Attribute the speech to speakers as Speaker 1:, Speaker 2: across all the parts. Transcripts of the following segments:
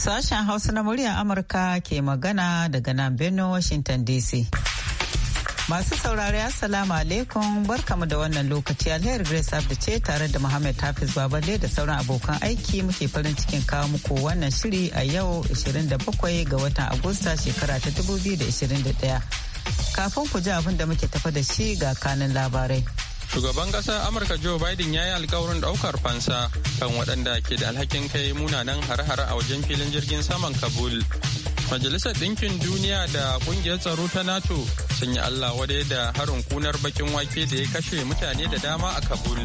Speaker 1: Sashen Hausa na muryar Amurka ke magana daga nan Benin, Washington DC. Masu saurari Assalamu alaikum barkamu da wannan lokaci alheri Grace Abdu ce tare da Muhammad Hafiz Babalde da sauran abokan aiki muke farin cikin kawo muku wannan shiri a yau 27 ga watan Agusta shekara ta 2021. Kafin ku ji abin da muke tafa da shi ga kanin labarai.
Speaker 2: shugaban ƙasar amurka joe biden ya yi alkawarin ɗaukar fansa kan waɗanda ke da alhakin kai munanan har-har a wajen filin jirgin saman kabul majalisar ɗinkin duniya da ƙungiyar tsaro ta nato sun yi allah wadai da harin kunar bakin wake da ya kashe mutane da dama a kabul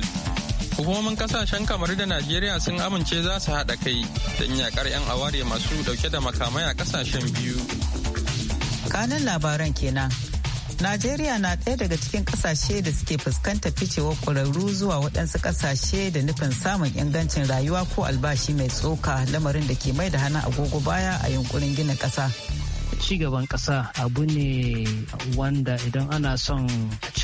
Speaker 2: hukumomin ƙasashen kamar da najeriya sun amince za su haɗa kai don yaƙar 'yan aware masu ɗauke da makamai a ƙasashen biyu
Speaker 1: kanan labaran kenan Najeriya na ɗaya daga cikin ƙasashe da suke fuskantar ficewar ƙwararru zuwa waɗansu ƙasashe da nufin samun ingancin rayuwa ko albashi mai tsoka lamarin da ke mai da hana agogo baya a yunkurin gina ƙasa.
Speaker 3: Ci gaban ƙasa abu ne wanda idan ana son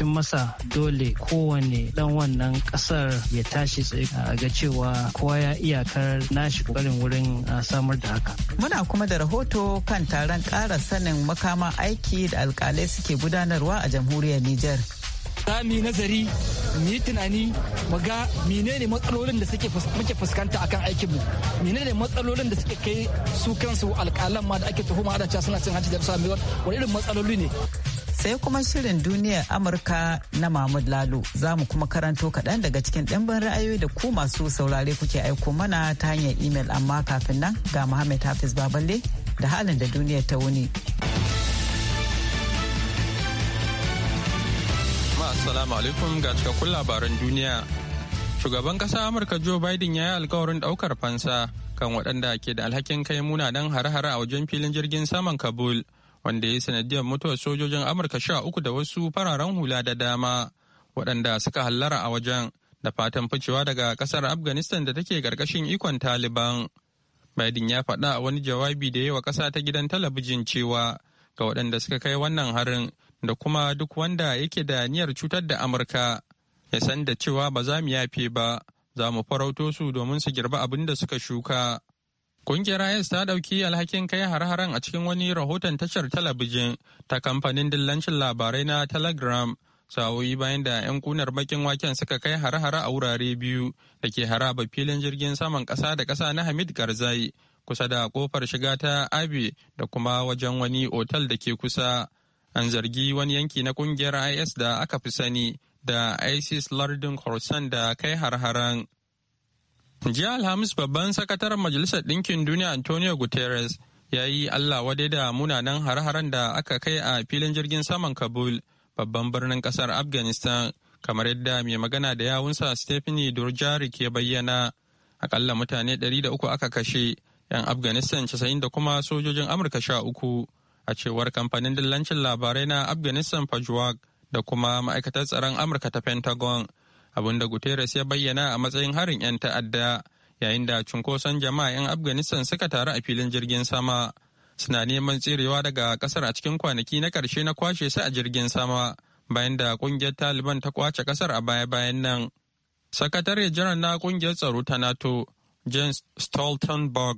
Speaker 3: cin masa dole kowane
Speaker 1: dan wannan kasar ya tashi tsaye ga cewa kowa ya iyakar nashi kokarin wurin samar da haka. Muna kuma da rahoto kan taron ƙara sanin makaman aiki da alkalai suke gudanarwa a jamhuriyar Nijar.
Speaker 4: za mu yi nazari mu yi tunani mu ga menene matsalolin da suke muke fuskanta akan aikinmu menene matsalolin da suke kai su kansu alƙalan ma da ake tuhuma ana cewa suna cin hanci da sami wani irin matsaloli ne
Speaker 1: sai kuma shirin duniyar amurka na mahmud lalu za mu kuma karanto kaɗan daga cikin ɗimbin ra'ayoyi da ku masu saurare kuke aiko mana ta hanyar imel amma kafin nan ga muhammad hafiz baballe da halin da duniyar ta wuni
Speaker 2: Assalamu alaikum ga cikakkun labaran duniya. Shugaban ƙasa Amurka Joe Biden ya yi alkawarin ɗaukar fansa kan waɗanda ke da alhakin kai muna munanan har hare a wajen filin jirgin saman Kabul. wanda ya yi sanadiyar mutuwar sojojin amurka sha uku da wasu fararen hula da dama waɗanda suka hallara a wajen da fatan ficewa daga ƙasar afghanistan da take ƙarƙashin ikon taliban biden ya faɗa a wani jawabi da yawa ƙasa ta gidan talabijin cewa ga waɗanda suka kai wannan harin da kuma duk wanda yake da niyyar cutar da amurka ya san da cewa ba za mu yafe ba za mu farauto su domin su girba abin da suka shuka Kungiyar IS ta ɗauki alhakin kai har-haren a cikin wani rahoton tashar talabijin ta kamfanin dillancin labarai na Telegram sa'o'i bayan da 'yan kunar bakin waken suka kai har-hara a wurare biyu da ke haraba filin jirgin saman ƙasa da ƙasa na Hamid Garzai kusa da kofar shiga ta Abi da kuma wajen wani otal da ke kusa. An zargi wani yanki na kungiyar IS da aka fi sani da ISIS lardin Khorasan da kai har-haren. Jiya Alhamis babban sakataren Majalisar Ɗinkin Duniya Antonio Guterres ya yi Allah wadai da munanan har-haren da aka kai a filin jirgin saman Kabul babban birnin kasar Afghanistan kamar yadda mai magana da yawunsa Stephanie Durjarik ya bayyana akalla mutane 300 aka kashe 'yan Afghanistan 90 da kuma sojojin Amurka sha uku a cewar kamfanin dillancin labarai na Afghanistan Pajwak da kuma ma'aikatar tsaron Amurka ta Pentagon. da guterres ya bayyana a matsayin harin 'yan ta'adda yayin da cunkoson jama'a 'yan afghanistan suka taru a filin jirgin sama suna neman tserewa daga kasar a cikin kwanaki na karshe na kwashe su a jirgin sama bayan da kungiyar taliban ta kwace kasar a baya-bayan nan sakatare jiran na kungiyar tsaro ta nato james stoltenberg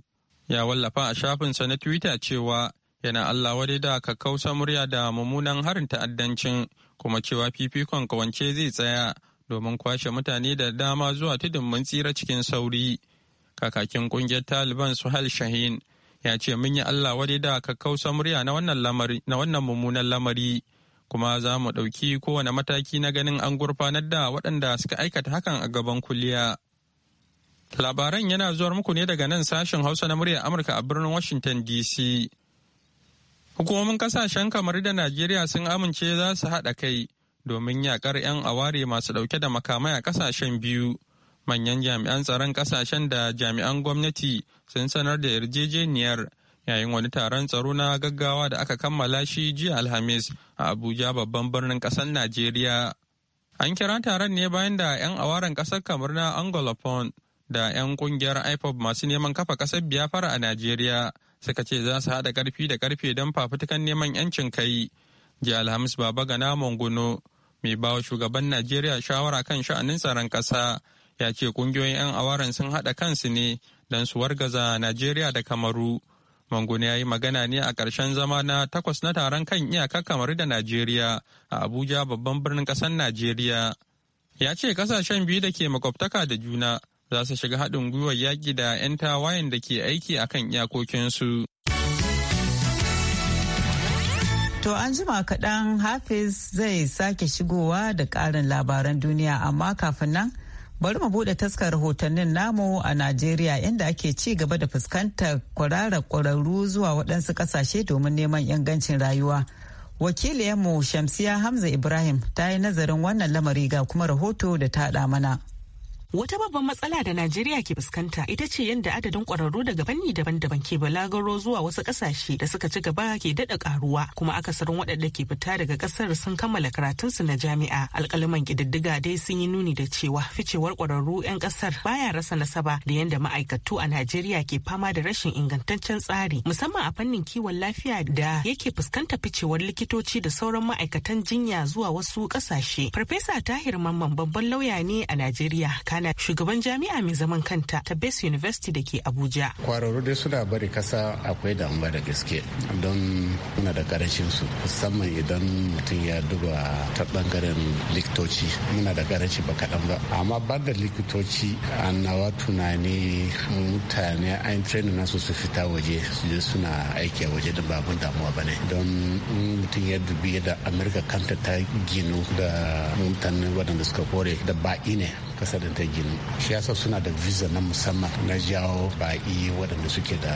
Speaker 2: ya wallafa a shafinsa na twitter cewa yana allah wadai da kakkausa murya da mummunan harin ta'addancin kuma cewa fifikon kawance zai tsaya domin kwashe mutane da dama zuwa tudun mun tsira cikin sauri. Kakakin kungiyar Taliban Suhail Shahin ya ce mun yi Allah wadai da kakkausa murya na wannan mummunan lamari kuma za mu ɗauki kowane mataki na ganin an gurfanar da waɗanda suka aikata hakan a gaban kuliya. Labaran yana zuwar muku ne daga nan sashen Hausa na muryar Amurka a birnin Washington DC. Hukumomin kasashen kamar da Najeriya sun amince za su haɗa kai domin yakar 'yan aware masu dauke da makamai a kasashen biyu manyan jami'an tsaron kasashen da jami'an gwamnati sun sanar da yarjejeniyar yayin wani taron tsaro na gaggawa da aka kammala shi jiya alhamis a abuja babban birnin kasar najeriya an kira taron ne bayan da 'yan awaren kasar kamar na anglophone da 'yan kungiyar ipob masu neman kafa kasar biyafara a najeriya suka ce za su haɗa karfi da karfe don fafutukan neman 'yancin kai jiya alhamis baba gana mongono mai bawa shugaban najeriya shawara kan sha'anin tsaron ƙasa ya ce ƙungiyoyin 'yan awaren sun haɗa kansu ne don su wargaza najeriya da kamaru mangune ya yi magana ne a ƙarshen zama na takwas na taron kan iyaka kamaru da najeriya a abuja babban birnin ƙasar najeriya ya ce ƙasashen biyu da ke makwabtaka da juna za su shiga haɗin gwiwar yaƙi da 'yan tawayen da ke aiki a kan iyakokinsu
Speaker 1: To an jima kaɗan Hafiz zai sake shigowa da ƙarin labaran duniya amma kafin nan bari mu buɗe taskar rahotannin namu a Najeriya inda ake ci gaba da fuskantar kwarara ƙwararru zuwa waɗansu ƙasashe domin neman ingancin rayuwa. Wakiliyarmu Shamsiya Hamza Ibrahim ta yi nazarin wannan lamari ga kuma rahoto da ta mana.
Speaker 5: Wata babban matsala da Najeriya ke fuskanta ita ce yadda adadin kwararru daga fanni daban-daban ke balagaro zuwa wasu ƙasashe da suka ci gaba ke daɗa karuwa. kuma akasarin waɗanda ke fita daga ƙasar sun kammala karatunsu na jami'a. Alƙaliman ƙididdiga dai sun yi nuni da cewa ficewar ƙwararru 'yan ƙasar baya rasa nasaba da yadda ma'aikatu a Najeriya ke fama da rashin ingantaccen tsari musamman a fannin kiwon lafiya da yake fuskanta ficewar likitoci da sauran ma'aikatan jinya zuwa wasu ƙasashe. Farfesa Tahir Mamman babban lauya ne a Najeriya Sala shugaban jami'a mai zaman kanta ta Base University da ke Abuja.
Speaker 6: Kwararru dai suna bari kasa akwai damuwa da gaske don muna da karancin su musamman idan mutum ya duba ta bangaren likitoci muna da karanci ba kaɗan ba amma ba da likitoci a nawa tunani mutane an train nasu su fita waje su je suna aiki a waje da babun damuwa ba ne don mutum ya dubi da amurka kanta ta ginu da mutane waɗanda suka kore da baƙi ne kasa da ta gini shi yasa suna da visa na musamman na jawo baƙi waɗanda suke da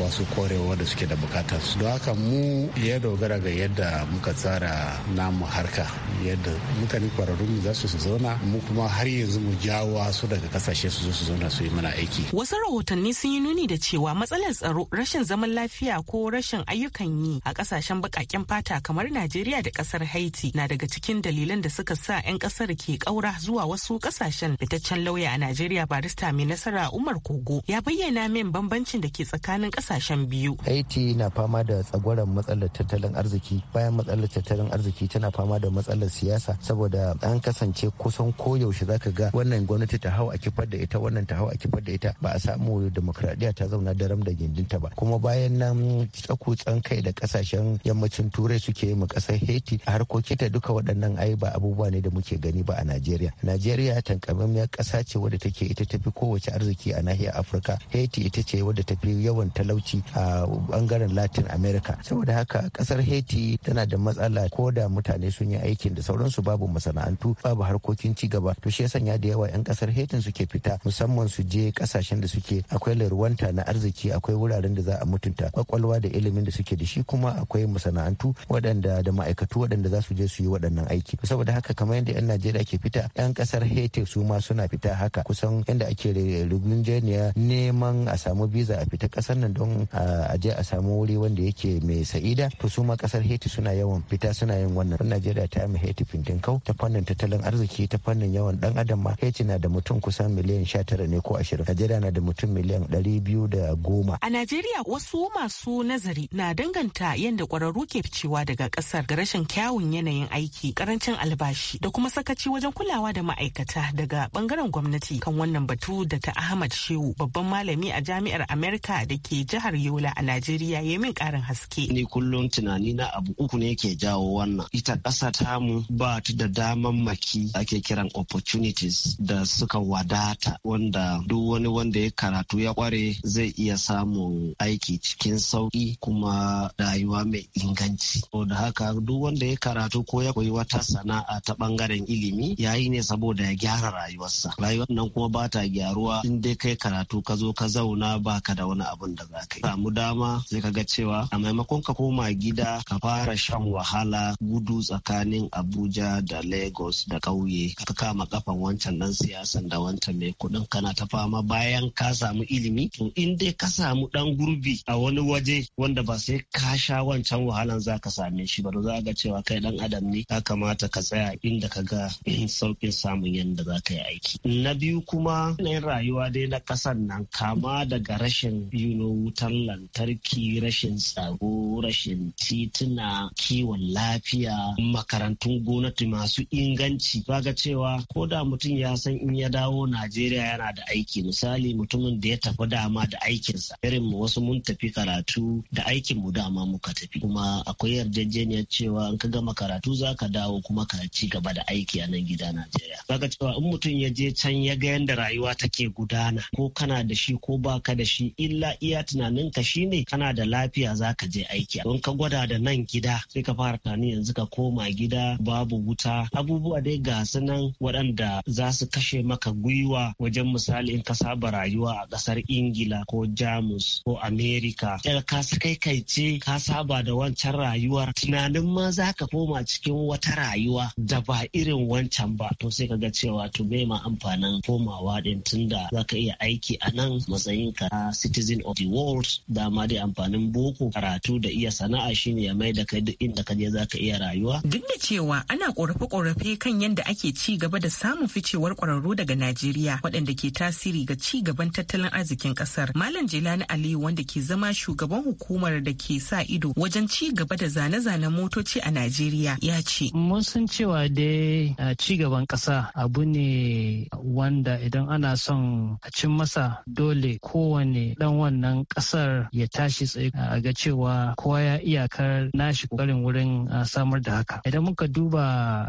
Speaker 6: wasu korewa da suke da bukatar su don haka mu ya dogara ga yadda muka tsara namu harka yadda mutane kwararrun za su su zauna mu kuma har yanzu mu jawo su daga kasashe su zo su zauna su yi mana aiki wasu rahotanni
Speaker 5: sun yi nuni da cewa matsalar tsaro rashin zaman lafiya ko rashin ayyukan yi a kasashen baƙaƙen fata kamar najeriya da kasar haiti na daga cikin dalilan da suka sa 'yan kasar ke ƙaura zuwa wasu kasashen fitaccen lauya a Najeriya barista mai nasara Umar Kogo ya bayyana min bambancin da ke tsakanin kasashen biyu.
Speaker 6: Haiti na fama da tsagwaron matsalar tattalin arziki bayan matsalar tattalin arziki tana fama da matsalar siyasa saboda an kasance kusan koyaushe zaka ga wannan gwamnati ta hau a kifar da ita wannan ta hau a kifar da ita ba a samu demokradiyya ta zauna daram da gindinta ba kuma bayan nan tsakutsan kai da kasashen yammacin turai suke yi mu kasar Haiti a harkokinta duka waɗannan ai ba abubuwa ne da muke gani ba a Najeriya. Najeriya najeriya tankamammiyar ƙasa ce wadda take ita ta fi kowace arziki a nahiyar afirka haiti ita ce wadda tafi yawan talauci a bangaren latin america saboda haka ƙasar haiti tana da matsala ko da mutane sun yi aikin da sauransu babu masana'antu babu harkokin ci gaba to shi yasa da yawa 'yan ƙasar hetin suke fita musamman su je ƙasashen da suke akwai larwanta na arziki akwai wuraren da za a mutunta kwakwalwa da ilimin da suke da shi kuma akwai masana'antu waɗanda da ma'aikatu waɗanda za su je su yi waɗannan aiki saboda haka kamar yadda 'yan najeriya ke fita 'yan ƙasar hetek su ma suna fita haka kusan inda ake rigunjeniya neman a samu biza a fita kasar nan don a je a samu wuri wanda yake mai sa'ida to su ma kasar heti suna yawan fita suna yin wannan najeriya ta yi heti kau ta fannin tattalin arziki ta fannin yawan dan adam ma heti na da mutum kusan miliyan sha tara ne ko ashirin najeriya na da mutum miliyan ɗari biyu da goma a
Speaker 5: najeriya wasu masu nazari na danganta yadda kwararru ke ficewa daga kasar ga rashin kyawun yanayin aiki karancin albashi da kuma sakaci wajen kulawa da ma'aikata mata daga bangaren gwamnati kan wannan batu da ta Ahmad Shehu babban malami a jami'ar Amerika da ke jihar Yola a Najeriya ya min karin haske.
Speaker 7: Ni kullum tunani na abu uku ne ke jawo wannan. Ita ƙasa ta mu ba ta da daman maki ake kiran opportunities da suka wadata wanda duk wani wanda ya karatu ya kware zai iya samun aiki cikin sauki kuma rayuwa mai inganci. Da haka duk wanda ya karatu ko ya koyi wata sana'a ta bangaren ilimi yayi ne saboda ya gyara rayuwarsa rayuwar nan kuma ba ta gyaruwa in dai kai karatu ka zo ka zauna ba ka da wani abun da za ka yi samu dama sai ka ga cewa a maimakon ka koma gida ka fara shan wahala gudu tsakanin abuja da lagos da ƙauye ka kama kafan wancan dan siyasan da wancan mai kuɗin kana ta fama bayan ka samu ilimi to in dai ka samu dan gurbi a wani waje wanda ba sai ka sha wancan wahalan za ka same shi ba za ga cewa kai dan adam ne ya kamata ka tsaya inda ka ga sauƙin samun yanayi mutanen da za ka yi aiki na biyu kuma yanayin rayuwa dai na ƙasar nan kama daga rashin yuno wutan lantarki rashin tsaro rashin tituna kiwon lafiya makarantun gwamnati masu inganci ga cewa ko da mutum ya san in ya dawo najeriya yana da aiki misali mutumin da ya tafi dama da aikinsa irin mu wasu mun tafi karatu da aikin mu dama muka tafi kuma akwai yarjejeniyar cewa in ka gama karatu za ka dawo kuma ka ci gaba da aiki a nan gida najeriya cewa in mutum ya je can ya ga yadda rayuwa take gudana ko kana da shi ko baka da shi illa iya tunanin shi shine kana da lafiya za ka je aiki don ka gwada da nan gida sai ka fara tani yanzu ka koma gida babu wuta abubuwa dai ga su nan waɗanda za su kashe maka gwiwa wajen misali in ka saba rayuwa a ƙasar ingila ko jamus ko amerika daga ka kai kai ce ka saba da wancan rayuwar tunanin ma za ka koma cikin wata rayuwa da ba irin wancan ba to sai ka ga cewa cewa to me ma amfanin komawa din tunda za ka iya aiki a nan matsayin ka citizen of the world dama dai amfanin boko karatu da iya sana'a shine ya mai da kai duk
Speaker 5: inda ka je za ka iya rayuwa. Duk da cewa ana korafe-korafe kan yadda ake ci gaba da samun ficewar kwararru daga Najeriya waɗanda ke tasiri ga ci gaban tattalin arzikin ƙasar. Malam Jelani Aliyu wanda ke zama shugaban hukumar da ke sa ido wajen ci gaba da zane-zanen motoci a Najeriya
Speaker 3: ya ce. Mun san cewa dai ci gaban ƙasa abu abu ne wanda idan ana son a cin masa dole kowane dan wannan kasar ya tashi tsaye a ga cewa kowa ya iyakar nashi kokarin wurin samar da haka idan muka duba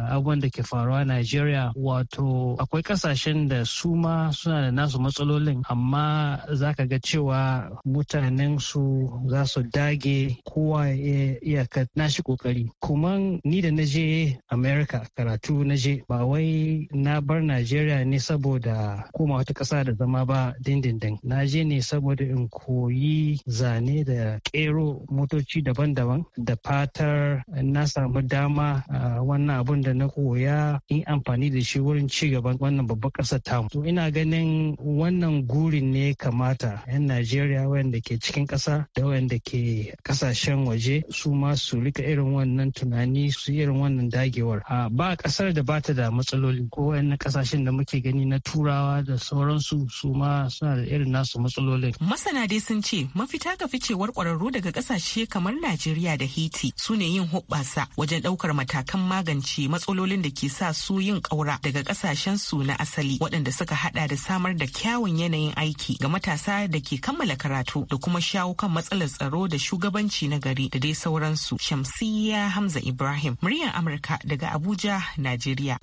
Speaker 3: abubuwan da ke faruwa Najeriya wato akwai kasashen da su ma suna da nasu matsalolin amma za ka ga cewa mutanen su za su dage kowa ya iyakar nashi kokari kuma ni da na je America karatu na je ba wai na bar Najeriya ne saboda koma wata ƙasa da zama ba dindindin. Na je ne saboda in koyi zane da ƙero motoci daban-daban da fatar na samu dama wannan abun da na koya in amfani da shi wurin ci gaban wannan babban ƙasar tamu. To ina ganin wannan gurin ne kamata 'yan Najeriya wayanda ke cikin ƙasa da wayanda ke ƙasashen waje su ma su rika irin wannan tunani su irin wannan dagewar. Ba ƙasar da bata da matsaloli ko wayannan kasashen da muke gani na turawa da sauransu su ma suna da irin nasu matsalolin.
Speaker 5: Masana dai sun ce mafita ga ficewar kwararru daga kasashe kamar Najeriya da Haiti su ne yin huɓasa wajen ɗaukar matakan magance matsalolin da ke sa su yin ƙaura daga kasashen su na asali waɗanda suka haɗa da samar da kyawun yanayin aiki ga matasa da ke kammala karatu da kuma shawo kan matsalar tsaro da shugabanci na gari da dai sauransu. Shamsiyya Hamza Ibrahim, muryar Amurka daga Abuja, Najeriya.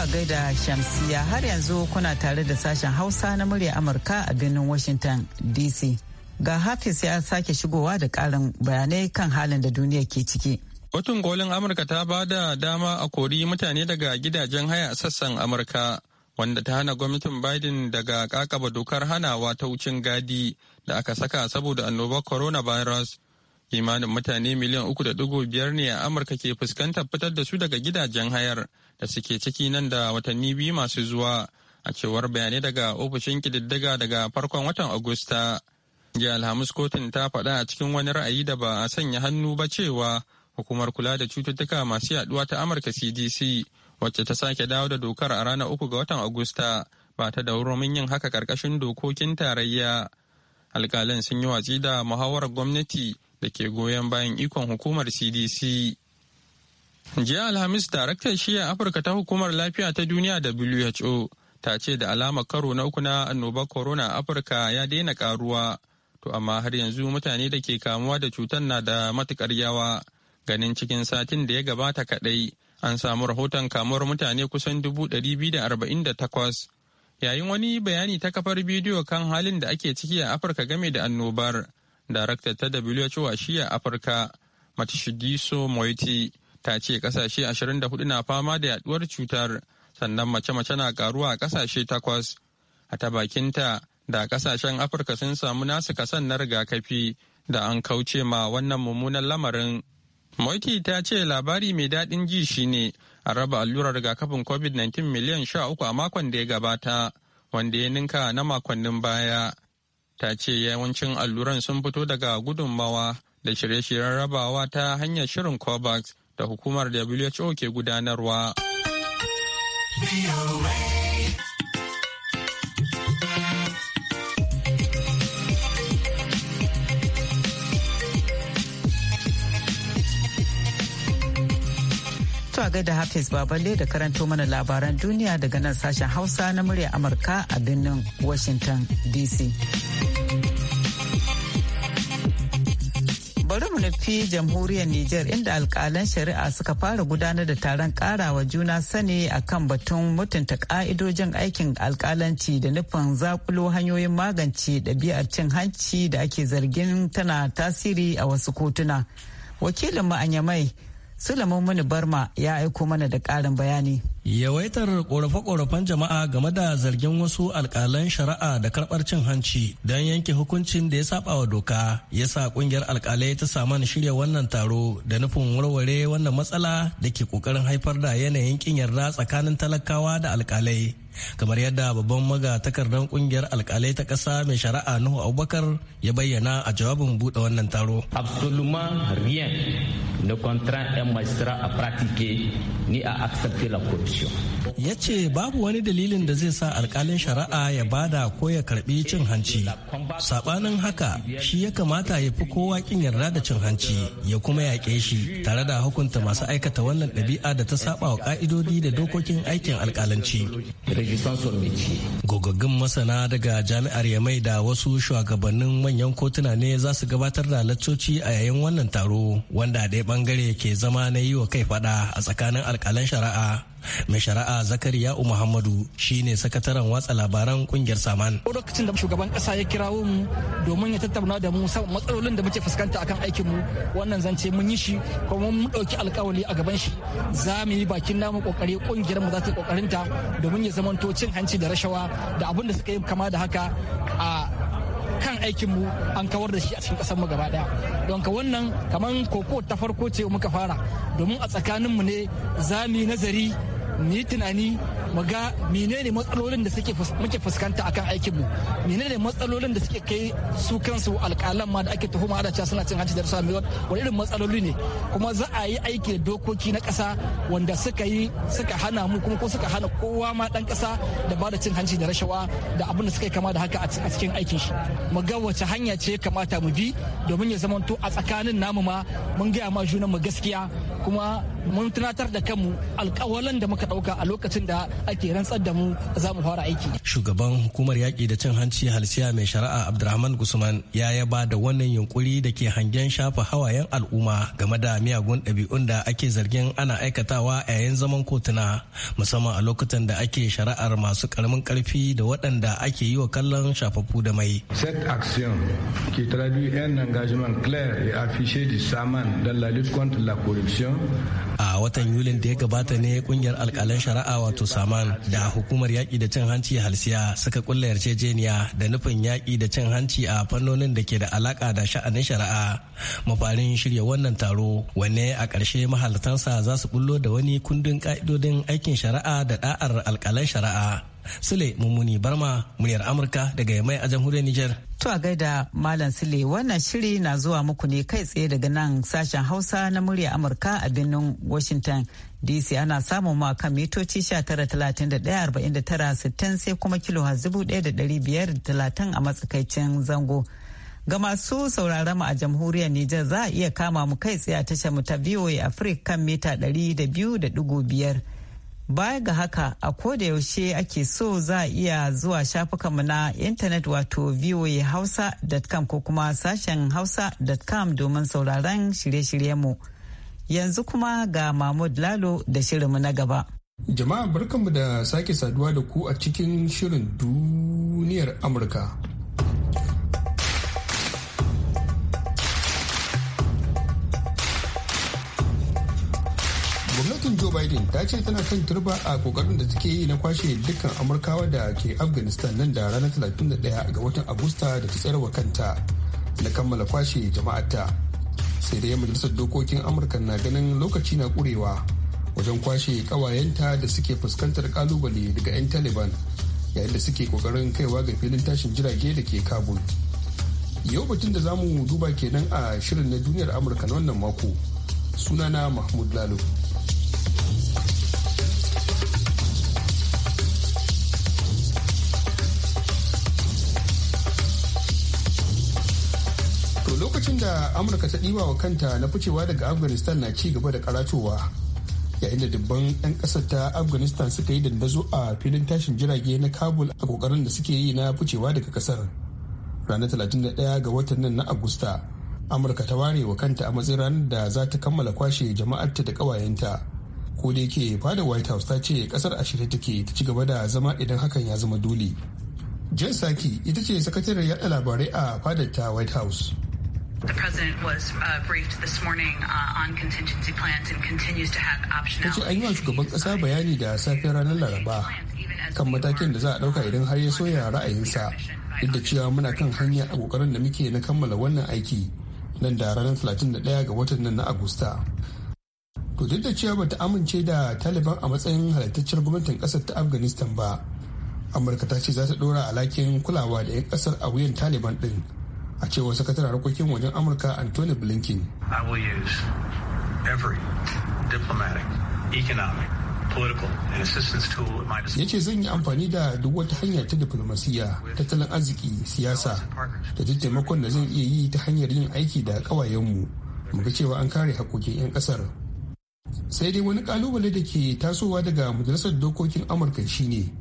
Speaker 5: a gaida Shamsiya har yanzu kuna
Speaker 1: tare da sashen Hausa na murya Amurka a birnin Washington DC. Ga Hafiz ya sake shigowa da karin bayanai kan halin da duniya ke ciki.
Speaker 2: Kotun kolin Amurka ta ba da dama a kori mutane daga gidajen haya a sassan Amurka, wanda ta hana gwamnatin Biden daga kakaba dokar hanawa ta wucin gadi da aka saka saboda annobar coronavirus. kimanin mutane miliyan uku da dugu biyar ne a amurka ke fuskantar fitar da su daga gidajen hayar da suke ciki nan da watanni biyu masu zuwa a cewar bayanai daga ofishin kididdiga daga farkon watan agusta jiya alhamis kotun ta faɗa a cikin wani ra'ayi da ba a sanya hannu ba cewa hukumar kula da cututtuka masu yaduwa ta amurka cdc wacce ta sake dawo da dokar a ranar uku ga watan agusta ba ta da wurin yin haka karkashin dokokin tarayya alkalin sun yi watsi da muhawarar gwamnati da ke goyon bayan ikon hukumar cdc jiya alhamis daraktar shiya afirka ta hukumar lafiya ta duniya who ta ce da alama karo na uku na annobar corona a afirka ya daina karuwa to amma har yanzu mutane da ke kamuwa da cutar na da matukar yawa ganin cikin satin da ya gabata kadai an samu rahoton kamuwar mutane kusan 248 yayin wani bayani ta kafar bidiyo kan halin da ake ciki a afirka game da annobar darakta ta WHO a shiya Afirka Matshidiso Moiti ta ce kasashe 24 na fama da yaduwar cutar sannan mace-mace na karuwa a kasashe takwas. A ta bakinta da kasashen Afirka sun samu nasu kasan na rigakafi da an kauce ma wannan mummunan lamarin. Moiti ta ce labari mai daɗin ji ne a raba allurar rigakafin COVID-19 miliyan 13 a makon da ya gabata wanda ya ninka na makonnin baya. ta ce yawancin alluran sun fito daga gudunmawa da shirye-shiryen rabawa ta hanyar shirin covax da hukumar who ke gudanarwa
Speaker 1: zuwa da Hafiz Baballe da karanto mana labaran duniya daga nan sashen Hausa na murya Amurka a birnin Washington DC. nufi jamhuriyar Nijar inda alkalan shari'a suka fara gudanar da taron karawa juna sani akan batun mutunta ka'idojin aikin alkalanci da nufin zakulo hanyoyin magance ɗabi'ar cin hanci da ake zargin tana tasiri a wasu kotuna. Wakilin ma'anyamai Sulaiman Mani Barma ya aiko mana da ƙarin bayani.
Speaker 8: Yawaitar ƙorafe-ƙorafen jama'a game da zargin wasu alƙalan shari'a da karɓar cin hanci don yanke hukuncin da ya saba wa doka ya sa ƙungiyar alƙalai ta samu shirya wannan taro da nufin warware wannan matsala da ke ƙoƙarin haifar da yanayin ƙin yarda tsakanin talakawa da alƙalai. kamar yadda babban maga takardar kungiyar alkalai ta kasa mai shari'a Nuhu Abubakar ya bayyana a jawabin buɗe wannan taro. Absolument rien ne contraint un magistrat à pratiquer ni a accepter la corruption. Ya ce babu wani dalilin da zai sa alkalin shari'a ya bada ko ya karbi cin hanci. Sabanin haka shi ya kamata ya fi kowa kin yarda da cin hanci ya kuma yaƙe shi tare da hukunta masu aikata wannan ɗabi'a da ta saba wa ka'idodi da dokokin aikin alkalanci. Gogaggun masana daga jami'ar Yamai da wasu shugabannin manyan kotuna ne za su gabatar da laccoci a yayin wannan taro wanda ɗaya bangare ke zama na yi wa kai fada a tsakanin alkalan shari'a mai shari'a zakariya'u muhammadu shine sakataren watsa labaran kungiyar saman
Speaker 4: lokacin da shugaban kasa ya kirawo mu domin ya tattauna da mu matsalolin da muke fuskanta akan aikin mu wannan zance mun yi shi kuma mun dauki alkawali a gaban shi za mu yi bakin namu kokari kungiyar mu za ta ta domin ya zamanto cin hanci da rashawa da abin da suka yi kama da haka a kan aikin mu an kawar da shi a cikin ƙasarmu gaba daya don ka wannan kamar koko ta farko ce muka fara domin a tsakanin tsakaninmu ne za yi nazari ni tunani mu ga menene matsalolin da suke muke fuskanta akan aikin mu menene matsalolin da suke kai su kansu alƙalan ma da ake tuhuma da cewa suna cin hanci da rasuwa wani irin matsaloli ne kuma za a yi aiki da dokoki na ƙasa wanda suka yi suka hana mu kuma ko suka hana kowa ma ɗan ƙasa da ba da cin hanci da rashawa da abin da suka kama da haka a cikin aikin shi mu ga wace hanya ce kamata mu bi domin ya zamanto a tsakanin namu ma mun gaya ma junan mu gaskiya kuma mun tunatar da kanmu alƙawalan da muka ɗauka a lokacin da ake rantsar da mu za mu fara aiki.
Speaker 8: Shugaban hukumar yaƙi da cin hanci halsiya mai shari'a Abdulrahman Gusman ya yaba da wannan yunkuri da ke hangen shafa hawayen al'umma game da miyagun ɗabi'un da ake zargin ana aikatawa yayin zaman kotuna musamman a lokutan da ake shari'ar masu karamin karfi da waɗanda ake yi wa kallon shafafu da mai. set action qui traduit un engagement clair et affiché du Saman dans la lutte contre la corruption. A a watan yulin da ya gabata ne kungiyar alkalan shari'a wato saman da hukumar yaƙi da cin hanci halsiya suka kulla yarjejeniya da nufin yaƙi da cin hanci a fannonin da ke da alaƙa da sha'anin shari'a mafarin shirya wannan taro wanne a ƙarshe mahalatansa za su bullo da wani kundin ƙa'idodin aikin shari'a da ɗa'ar alkalan shari'a Sule Mummuni Barma muryar Amurka daga mai a jamhuriyar Nijar.
Speaker 1: To a gaida Malam Sule wannan shiri na zuwa muku ne kai tsaye daga nan sashen Hausa na murya Amurka a birnin Washington DC ana samun ma kan mitoci 19,31,49,60 sai kuma kilo talatin a matsakaicin zango. Ga masu sauraron mu a jamhuriyar Nijar za a iya kama mu kai tsaye a tashar mu ta VOA Africa kan mita 200.5. Baya ga haka a koda yaushe ake so za a iya zuwa shafukanmu na intanet wato voahausa.com ko kuma sashen hausa.com domin sauraron shirye-shiryenmu. Yanzu kuma ga Mahmud Lalo
Speaker 9: da shirinmu na gaba. Jama'a barkanmu da sake saduwa da ku a cikin shirin duniyar Amurka. gwamnatin joe biden ta ce tana kan turba a kokarin da take yi na kwashe dukkan amurkawa da ke afghanistan nan da ranar talatin 31 ga watan agusta da ta tsayarwa kanta na kammala kwashe jama'ata sai dai majalisar dokokin amurka na ganin lokaci na kurewa wajen kwashe kawayenta da suke fuskantar kalubale daga 'yan taliban yayin da suke kokarin kaiwa ga filin tashin jirage da ke kabul yau batun da zamu duba kenan a shirin na duniyar amurka na wannan mako sunana mahmud lalo da amurka ta ɗiba wa kanta na ficewa daga afghanistan na ci gaba da karatowa yayin da dubban 'yan ƙasar ta afghanistan suka yi dandazo a filin tashin jirage na kabul a kokarin da suke yi na ficewa daga ƙasar ranar 31 ga watan nan na agusta amurka ta ware wa kanta a matsayin ranar da za ta kammala kwashe jama'arta da ƙawayenta ko da yake fada white house ta ce kasar a shirye take ta ci gaba da zama idan hakan ya zama dole jen saki ita ce sakataren yada labarai a fadar ta white house
Speaker 5: The president was uh, briefed this morning uh, on contingency plans and continues to have optionality.
Speaker 9: an yi wa shugaban kasa bayani da safiyar ranar Laraba kan matakin da za a dauka idan har ya soya ra'ayinsa duk da cewa muna kan hanya a kokarin da muke na kammala wannan aiki nan da ranar 31 ga watan nan na Agusta. To duk da cewa bata amince da Taliban a matsayin halittacciyar gwamnatin kasar ta Afghanistan ba, Amurka ta ce za ta dora alakin kulawa da 'yan kasar a wuyan Taliban din. a cewar sakatare harkokin wajen amurka anthony blinken ya ce zan yi amfani da duk wata hanya ta diflomasiyya tattalin arziki siyasa da duk taimakon da zan iya yi ta hanyar yin aiki da kawayenmu muga cewa an kare hakokin 'yan kasar sai dai wani kalubale da ke tasowa daga majalisar dokokin amurka shine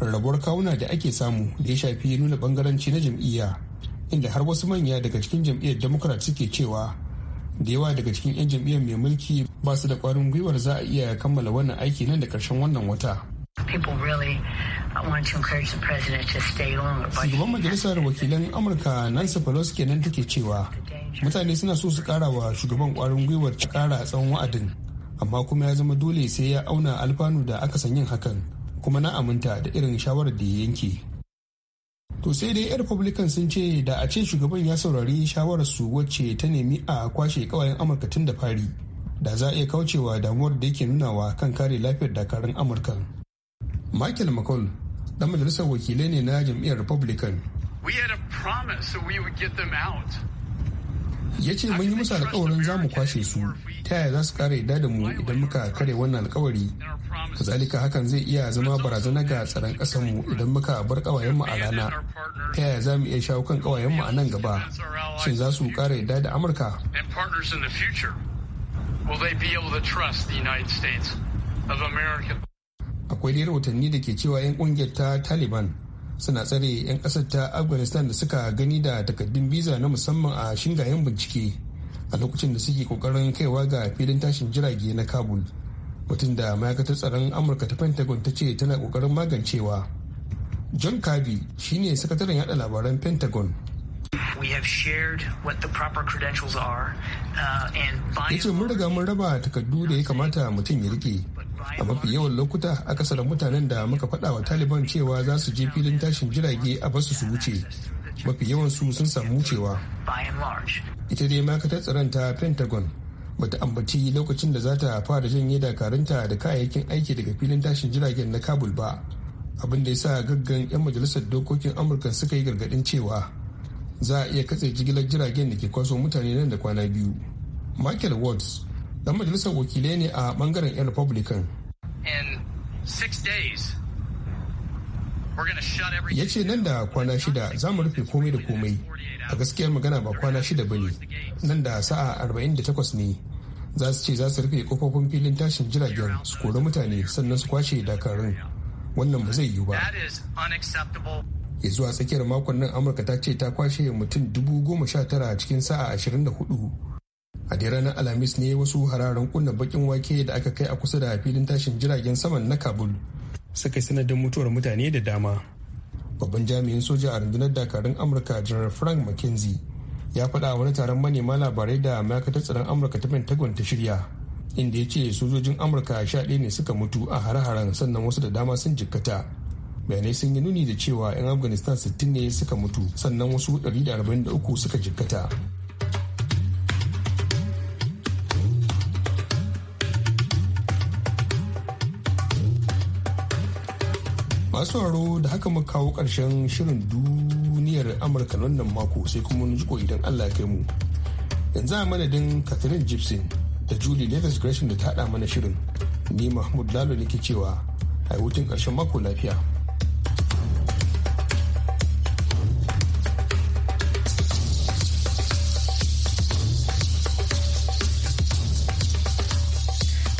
Speaker 9: rarrabuwar kawuna da ake samu da ya shafi nuna bangaranci na jam'iyya inda har wasu manya daga cikin jam'iyyar democrat suke cewa da yawa daga cikin 'yan jam'iyyar mai mulki ba su da kwarin gwiwar za a iya kammala wannan aiki nan da karshen wannan wata shugaban majalisar wakilan amurka nancy pelosi kenan take cewa mutane suna so su kara wa shugaban kwarin gwiwar ta kara tsawon wa'adin amma kuma ya zama dole sai ya auna alfanu da aka san yin hakan kuma na aminta da irin shawarar da ya yanke to sai dai 'yan republican sun ce da a ce shugaban ya saurari shawarar su wacce ta nemi a kwashe kawayen amurka tun da fari da za a iya kaucewa damuwar da yake nunawa kan kare lafiyar dakarun amurka michael mccall dan majalisar wakilai ne na jam'iyyar republican
Speaker 1: we had a promise get them out
Speaker 9: ya ce mun yi musu alkawarin za mu kwashe su ta yaya za su kare yadda da mu idan muka kare wannan alkawari kazalika hakan zai iya zama barazana ga tsaron mu idan muka bar ƙawayenmu a rana ta yaya za mu iya shawo kan mu a nan gaba shin za su kare yadda da amurka akwai dai rahotanni da ke cewa 'yan kungiyar ta taliban suna tsare 'yan kasar ta afghanistan da suka gani da takaddun biza na musamman a shingayen bincike a lokacin da suke kokarin kaiwa ga filin tashin jirage na kabul mutum da ma'aikatar tsaron amurka ta pentagon ta ce tana kokarin magancewa john kirby shine sakataren yada labaran pentagon uh, ya ce mun riga mun raba takardu da ya kamata mutum ya rike a mafi yawan lokuta akasarin mutanen da muka faɗa wa taliban cewa za su je filin tashin jirage a basu su wuce mafi yawan su sun samu wucewa ita dai ma'aikatar tsaron ta pentagon bata ambaci lokacin da za ta fara janye dakarunta da kayayyakin aiki daga filin tashin jiragen na kabul ba abin da ya sa gaggan 'yan majalisar dokokin amurka suka yi gargadin cewa za a iya katse jigilar jiragen da ke kwaso mutane nan da kwana biyu michael watts dan majalisar wakilai ne a bangaren 'yan republican ya ce nan da kwana shida za mu rufe komai da komai a gaskiyar magana ba kwana shida ba ne nan da sa'a 48 ne za su ce za su rufe kofofin filin tashin jiragen su kori mutane sannan su kwashe dakarun wannan ba zai yiwu ba ya zuwa tsakiyar makon nan amurka ta ce ta kwashe mutum dubu goma sha tara cikin sa'a 24. a da ranar alhamis ne wasu hararen kunna bakin wake da aka kai a kusa da filin tashin jiragen saman na kabul suka sanadin mutuwar mutane da dama babban jami'in soja a rundunar dakarun amurka janar frank mckenzie ya faɗa wani taron manema labarai da ma'aikatar tsaron amurka ta pentagon ta shirya inda ya ce sojojin amurka sha ɗaya ne suka mutu a hare-haren sannan wasu da dama sun jikkata bayanai sun yi nuni da cewa 'yan afghanistan 60 ne suka mutu sannan wasu 143 suka jikkata masu sauraro da haka muka kawo ƙarshen shirin duniyar amurka wannan mako sai kuma wani jiko idan allah ya kai mu yanzu a madadin catherine gibson da julie levis gresham da ta haɗa mana shirin ni mahmud lalo ke cewa a hutun ƙarshen mako lafiya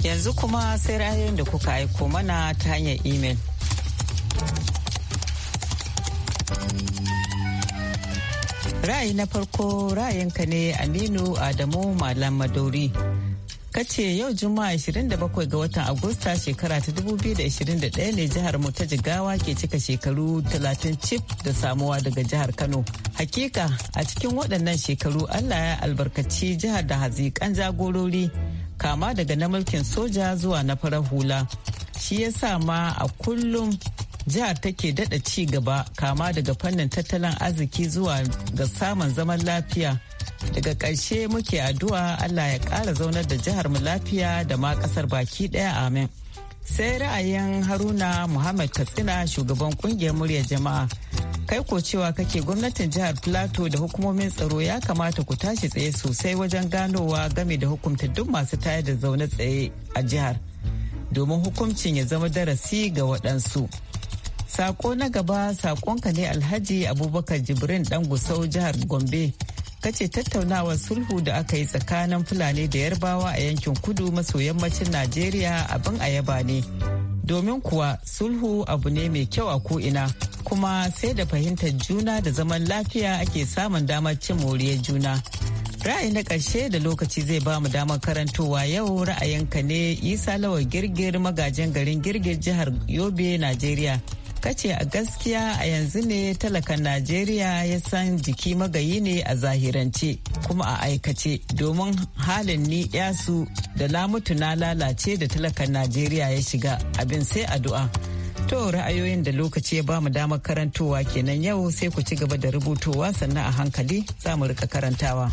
Speaker 1: yanzu kuma sai ra'ayoyin da kuka aiko mana ta hanyar imel. Ra'ayi na farko ra'ayinka ne Aminu Adamu Malam Madori. kace yau juma'a 27 ga watan agusta shekara ta 2021 ne jihar mu ta jigawa ke cika shekaru 30 cif da samuwa daga jihar kano hakika a cikin waɗannan shekaru allah ya albarkaci jihar da haziƙan jagorori kama daga na mulkin soja zuwa na farar hula shi ya sa ma a kullum jihar take dada ci gaba kama daga fannin tattalin arziki zuwa ga samun zaman lafiya daga ƙarshe muke addu'a allah ya ƙara zaunar da jihar mu lafiya da ma ƙasar baki ɗaya amin sai ra'ayin haruna muhammad katsina shugaban kungiyar murya jama'a kai ko cewa kake gwamnatin jihar plateau da hukumomin tsaro ya kamata ku tashi tsaye sosai wajen ganowa game da hukunta duk masu tayar da zaune tsaye a jihar domin hukuncin ya zama darasi ga waɗansu. Sako na gaba sakonka ne Alhaji Abubakar Jibrin dan Gusau jihar Gombe. Kace tattaunawar sulhu da aka yi tsakanin Fulani da Yarbawa a yankin kudu maso yammacin Najeriya abin ayaba ne. Domin kuwa sulhu abu ne mai kyau a ko'ina kuma sai da fahimtar juna da zaman lafiya ake samun damar cin moriyar juna. Ra'ayi na ƙarshe da lokaci zai ba mu damar karantowa yau ra'ayinka ne Isa lawa Girgir magajin garin Girgir jihar Yobe, Najeriya. kace a gaskiya a yanzu ne talakan najeriya ya san jiki magayi ne a zahirance kuma a aikace domin halin ni yasu da lamutu na lalace da talakan najeriya ya shiga abin sai addu'a to ra'ayoyin da lokaci ya bamu damar karantowa kenan yau sai ku ci gaba da rubutowa sannan a hankali za mu rika karantawa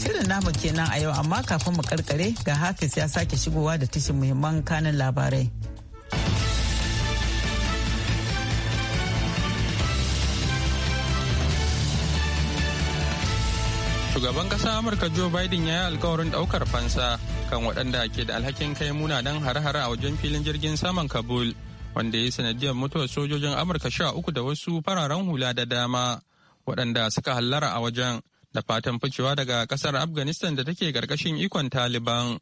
Speaker 1: shirin namu kenan a yau amma kafin mu karkare ga hafiz ya sake shigowa da tashin muhimman kanin labarai
Speaker 2: Shugaban ƙasa Amurka Joe Biden ya yi alkawarin ɗaukar fansa kan waɗanda ke da alhakin kai munanan har-hara a wajen filin jirgin saman Kabul, wanda ya sanadiyar mutuwar sojojin Amurka sha uku da wasu fararen hula da dama waɗanda suka hallara a wajen da fatan ficewa daga ƙasar Afghanistan da take ƙarƙashin ikon Taliban.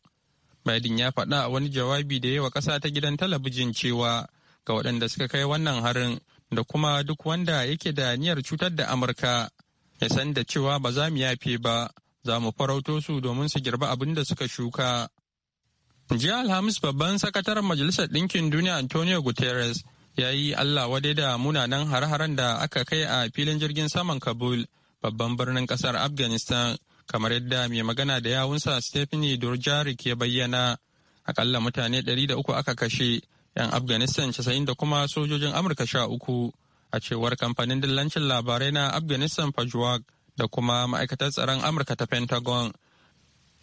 Speaker 2: Biden ya faɗa a wani jawabi da yawa ƙasa ta gidan talabijin cewa ga waɗanda suka kai wannan harin da kuma duk wanda yake da niyyar cutar da Amurka ya san da cewa ba za mu yafe ba za mu farauto su domin su girba abin da suka shuka. Jiya Alhamis babban sakataren Majalisar Ɗinkin Duniya Antonio Guterres ya yi Allah wadai da munanan har-haren da aka kai a filin jirgin saman Kabul babban birnin ƙasar Afghanistan kamar yadda mai magana da yawunsa stephanie durjarik ya bayyana akalla mutane 300 aka kashe 'yan afghanistan 90 da kuma sojojin amurka sha uku a cewar kamfanin dillancin labarai na afghanistan pajwag da kuma ma'aikatar tsaron amurka ta pentagon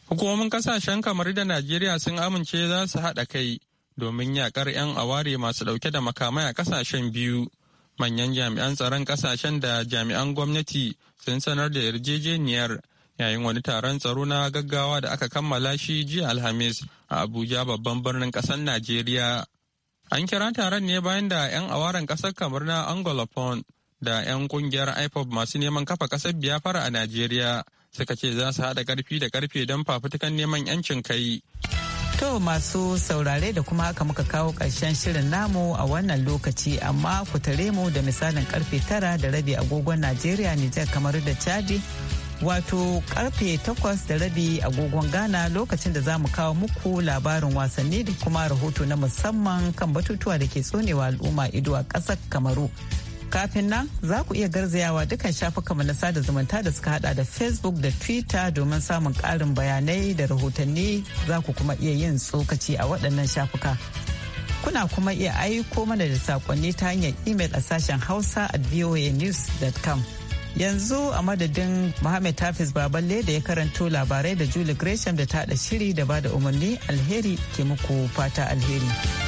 Speaker 2: hukumomin kasashen kamar da najeriya sun amince za su haɗa kai domin yakar 'yan aware masu ɗauke da makamai a kasashen biyu manyan jami'an tsaron kasashen da jami'an gwamnati sun sanar da yarjejeniyar yayin wani taron tsaro na gaggawa da aka kammala shi jiya alhamis a abuja babban birnin kasar najeriya an kira taron ne bayan da 'yan awaren ƙasar kamar na anglophone da 'yan kungiyar ipob masu neman kafa ƙasar biyafara a najeriya suka ce za su haɗa ƙarfi da ƙarfe don fafutukan neman 'yancin kai
Speaker 1: To masu saurare da kuma haka muka kawo ƙarshen shirin namu a wannan lokaci amma ku tare mu da misalin karfe tara da rabi agogon Najeriya Nijar kamar da Chadi wato karfe takwas da rabi agogon Ghana lokacin da za mu kawo muku labarin wasanni da kuma rahoto na musamman kan batutuwa da ke tsonewa al'umma ido a ƙasar Kamaru. Kafin nan za ku iya garzayawa dukkan shafuka na sada zumunta da suka hada da Facebook da Twitter domin samun ƙarin bayanai da rahotanni za ku kuma iya yin tsokaci a waɗannan shafuka. kuna kuma iya aiko mana da saƙonni ta hanyar imel a sashen hausa at voanews.com yanzu a madadin Mohammed Tafis Baballe da ya karanto labarai da Julie Gresham da ta da shiri da bada umarni alheri ke muku fata alheri.